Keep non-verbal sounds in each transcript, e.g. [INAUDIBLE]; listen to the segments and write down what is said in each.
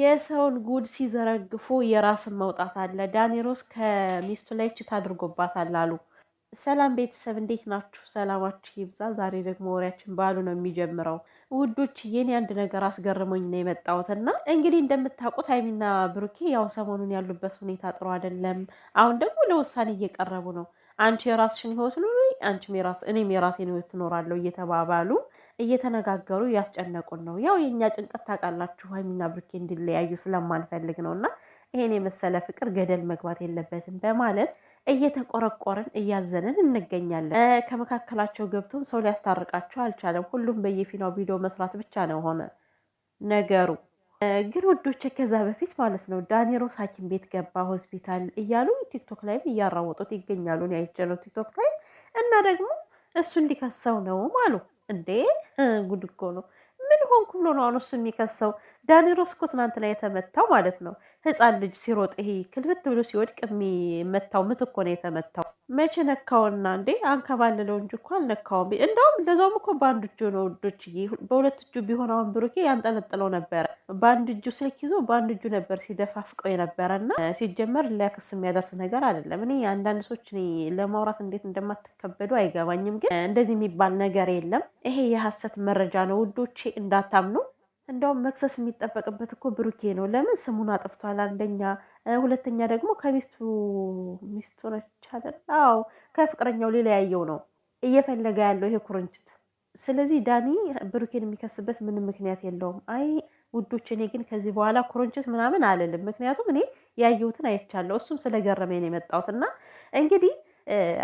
የሰውን ጉድ ሲዘረግፉ የራስን መውጣት አለ። ዳኒሮስ ከሚስቱ ላይ ችት አድርጎባታል አሉ። ሰላም ቤተሰብ እንዴት ናችሁ? ሰላማችሁ ይብዛ። ዛሬ ደግሞ ወሬያችን ባሉ ነው የሚጀምረው። ውዶች የኔ አንድ ነገር አስገርሞኝ ነው የመጣሁት እና እንግዲህ እንደምታውቁት ሀይሚና ብሩኬ ያው ሰሞኑን ያሉበት ሁኔታ ጥሩ አይደለም። አሁን ደግሞ ለውሳኔ እየቀረቡ ነው። አንቺ የራስሽን ህይወት ኑሪ፣ አንቺም የራስ እኔም የራሴን ህይወት ትኖራለሁ እየተባባሉ እየተነጋገሩ እያስጨነቁን ነው። ያው የእኛ ጭንቀት ታውቃላችሁ፣ ሀይሚና ብሩኬ እንዲለያዩ ስለማንፈልግ ነው እና ይሄን የመሰለ ፍቅር ገደል መግባት የለበትም በማለት እየተቆረቆርን እያዘንን እንገኛለን። ከመካከላቸው ገብቶም ሰው ሊያስታርቃቸው አልቻለም። ሁሉም በየፊናው ቪዲዮ መስራት ብቻ ነው ሆነ ነገሩ። ግን ወዶቼ ከዛ በፊት ማለት ነው ዳኒሮስ ሐኪም ቤት ገባ ሆስፒታል እያሉ ቲክቶክ ላይም እያራወጡት ይገኛሉ። ያይቸ ነው ቲክቶክ ላይ እና ደግሞ እሱ እንዲከሰው ነው አሉ እንዴ ጉድ እኮ ነው። ምን ሆንኩ ብሎ ነው አሁን እሱ የሚከሰው። ዳኒሮስ እኮ ትናንት ላይ የተመታው ማለት ነው ህፃን ልጅ ሲሮጥ ይሄ ክልብት ብሎ ሲወድቅ የሚመታው ምት እኮ ነው የተመታው። መቼ ነካውና እንዴ አንከባልለው እንጂ እኮ አልነካውም። እንደውም ለዛውም እኮ በአንድ እጁ ነው ውዶች፣ በሁለት እጁ ቢሆን አሁን ብሩኬ ያንጠለጥለው ነበረ። በአንድ እጁ ስልክ ይዞ በአንድ እጁ ነበር ሲደፋፍቀው እና ሲጀመር ለክስ የሚያደርስ ነገር አይደለም። እኔ አንዳንድ ሰዎች ለማውራት እንዴት እንደማትከበዱ አይገባኝም፣ ግን እንደዚህ የሚባል ነገር የለም። ይሄ የሀሰት መረጃ ነው ውዶቼ እንዳ እንዳታምኑ። እንደውም መክሰስ የሚጠበቅበት እኮ ብሩኬ ነው። ለምን ስሙን አጥፍቷል? አንደኛ፣ ሁለተኛ ደግሞ ከሚስቱ ሚስቱ ነች አይደል? አዎ ከፍቅረኛው ሊለያየው ነው እየፈለገ ያለው ይሄ ኩርንችት። ስለዚህ ዳኒ ብሩኬን የሚከስበት ምንም ምክንያት የለውም። አይ ውዶች፣ እኔ ግን ከዚህ በኋላ ኩርንችት ምናምን አልልም። ምክንያቱም እኔ ያየሁትን አይቻለሁ። እሱም ስለገረመኝ ነው የመጣሁት እና እንግዲህ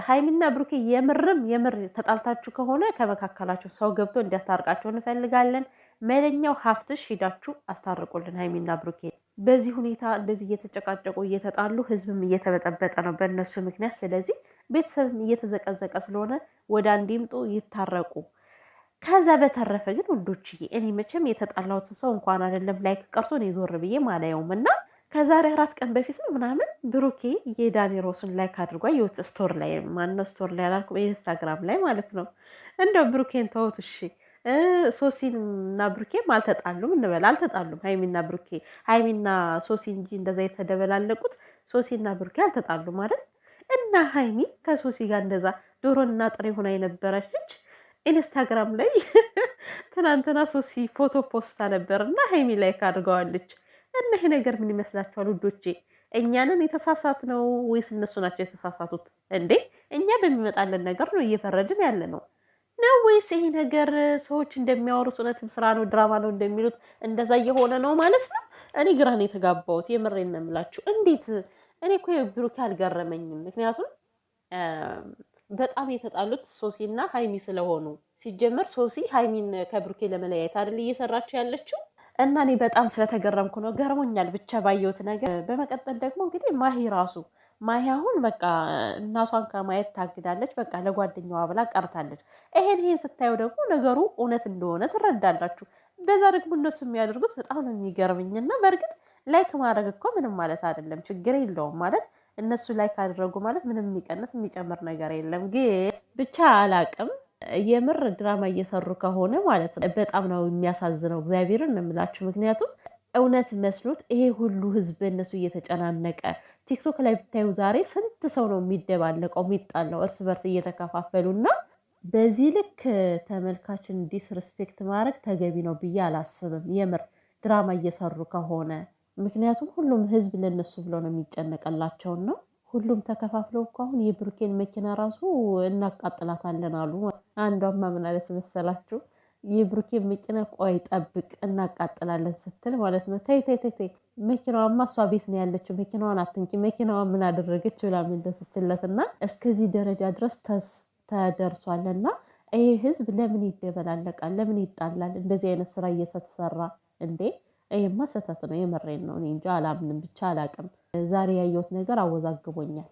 ሀይሚና ብሩኬ የምርም የምር ተጣልታችሁ ከሆነ ከመካከላችሁ ሰው ገብቶ እንዲያስታርቃቸው እንፈልጋለን። መለኛው ሀፍትሽ ሂዳችሁ አስታርቁልን ሀይሚና ብሩኬ። በዚህ ሁኔታ እንደዚህ እየተጨቃጨቁ እየተጣሉ ህዝብም እየተበጠበጠ ነው በእነሱ ምክንያት። ስለዚህ ቤተሰብም እየተዘቀዘቀ ስለሆነ ወደ አንድ ይምጡ ይታረቁ። ከዛ በተረፈ ግን ውዶችዬ እኔ መቼም የተጣላሁትን ሰው እንኳን አይደለም ላይክ ቀርቶ እኔ ዞር ብዬ ማላየውም እና ከዛሬ አራት ቀን በፊት ነው ምናምን ብሩኬ የዳኒ ሮስን ላይክ አድርጓ የወጥ ስቶር ላይ ማነው ስቶር ላይ አላልኩም ኢንስታግራም ላይ ማለት ነው። እንደው ብሩኬን ተውት እሺ። ሶሲና እና ብሩኬም አልተጣሉም እንበል አልተጣሉም። ሀይሚና ብሩኬ ሀይሚና ሶሲ እንጂ እንደዛ የተደበላለቁት ሶሲና ብሩኬ አልተጣሉም ማለት እና ሀይሚ ከሶሲ ጋር እንደዛ ዶሮና ጥሬ ሆና የነበረች ልጅ ኢንስታግራም ላይ [LAUGHS] ትናንትና ሶሲ ፎቶ ፖስታ ነበር እና ሀይሚ ላይክ አድርገዋለች። እና ይሄ ነገር ምን ይመስላችኋል ውዶቼ? እኛንን የተሳሳት ነው ወይስ እነሱ ናቸው የተሳሳቱት? እንዴ እኛ በሚመጣለን ነገር ነው እየፈረድን ያለ ነው። ነው ወይስ ይሄ ነገር ሰዎች እንደሚያወሩት እውነትም ስራ ነው ድራማ ነው እንደሚሉት እንደዛ እየሆነ ነው ማለት ነው? እኔ ግራ ነው የተጋባሁት። የምሬን ነው የምላችሁ። እንዴት እኔ እኮ ብሩኬ አልገረመኝም። ምክንያቱም በጣም የተጣሉት ሶሲና ሀይሚ ስለሆኑ ሲጀመር ሶሲ ሀይሚን ከብሩኬ ለመለያየት አይደል እየሰራችው ያለችው እና እኔ በጣም ስለተገረምኩ ነው ገርሞኛል ብቻ ባየሁት ነገር። በመቀጠል ደግሞ እንግዲህ ማሂ ራሱ ማሂ አሁን በቃ እናቷን ከማየት ታግዳለች። በቃ ለጓደኛዋ ብላ ቀርታለች። ይሄን ይሄን ስታየው ደግሞ ነገሩ እውነት እንደሆነ ትረዳላችሁ። በዛ ደግሞ እነሱ የሚያደርጉት በጣም ነው የሚገርምኝና በእርግጥ ላይክ ማድረግ እኮ ምንም ማለት አይደለም፣ ችግር የለውም ማለት እነሱ ላይክ አደረጉ ማለት ምንም የሚቀንስ የሚጨምር ነገር የለም። ግን ብቻ አላቅም የምር ድራማ እየሰሩ ከሆነ ማለት ነው በጣም ነው የሚያሳዝነው። እግዚአብሔርን ነው የምላችሁ ምክንያቱም እውነት መስሎት ይሄ ሁሉ ህዝብ እነሱ እየተጨናነቀ ቲክቶክ ላይ ብታዩ ዛሬ ስንት ሰው ነው የሚደባለቀው የሚጣለው እርስ በርስ እየተከፋፈሉ እና በዚህ ልክ ተመልካችን ዲስርስፔክት ማድረግ ተገቢ ነው ብዬ አላስብም። የምር ድራማ እየሰሩ ከሆነ ምክንያቱም ሁሉም ህዝብ ለነሱ ብሎ ነው የሚጨነቀላቸውን ነው። ሁሉም ተከፋፍለው እኮ አሁን የብሩኬን መኪና ራሱ እናቃጥላታለን አሉ። አንዷማ ምን አለች መሰላችሁ? የብሩኬ መኪና ቆይ ጠብቅ እናቃጥላለን ስትል ማለት ነው። ተይ ተይ ተይ ተይ መኪናዋማ እሷ ቤት ነው ያለችው፣ መኪናዋን አትንኪ፣ መኪናዋ ምን አደረገች ብላ መለሰችለት እና እስከዚህ ደረጃ ድረስ ተደርሷል ና ይሄ ህዝብ ለምን ይደበላለቃል? ለምን ይጣላል? እንደዚህ አይነት ስራ እየተሰራ እንዴ! ይሄማ ስህተት ነው። የመሬን ነው። እኔ እንጃ አላምንም፣ ብቻ አላቅም። ዛሬ ያየሁት ነገር አወዛግቦኛል።